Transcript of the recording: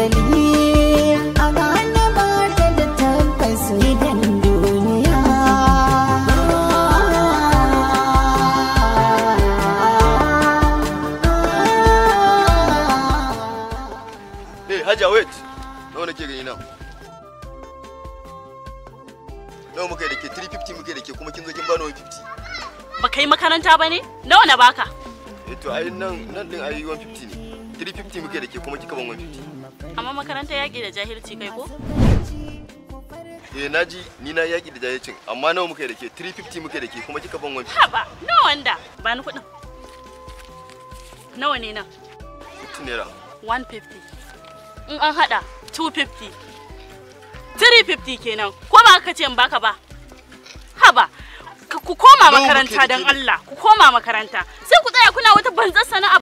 hankali a gane ba ta da tabbas gidan duniya hey eh, hajja wait nan nawa muka yi da ke 350 muka yi da ke kuma kin zo kin bani 150 ba kai makaranta ba ne nawa na baka eh to ai nan nan din ai 150 ne 350 muke da ke kuma kika ban 150 amma makaranta yaki da jahilci kai ko eh naji ni na yaki da jahilcin amma nawa muke da ke 350 muke da ke kuma kika ban 150 haba no wonder ba ni kudin nawa ne nan 50 naira 150 in an hada 250 350 kenan ko ba ka ce in baka ba ku koma makaranta dan Allah ku koma makaranta sai ku tsaya kuna wata banzar sana'a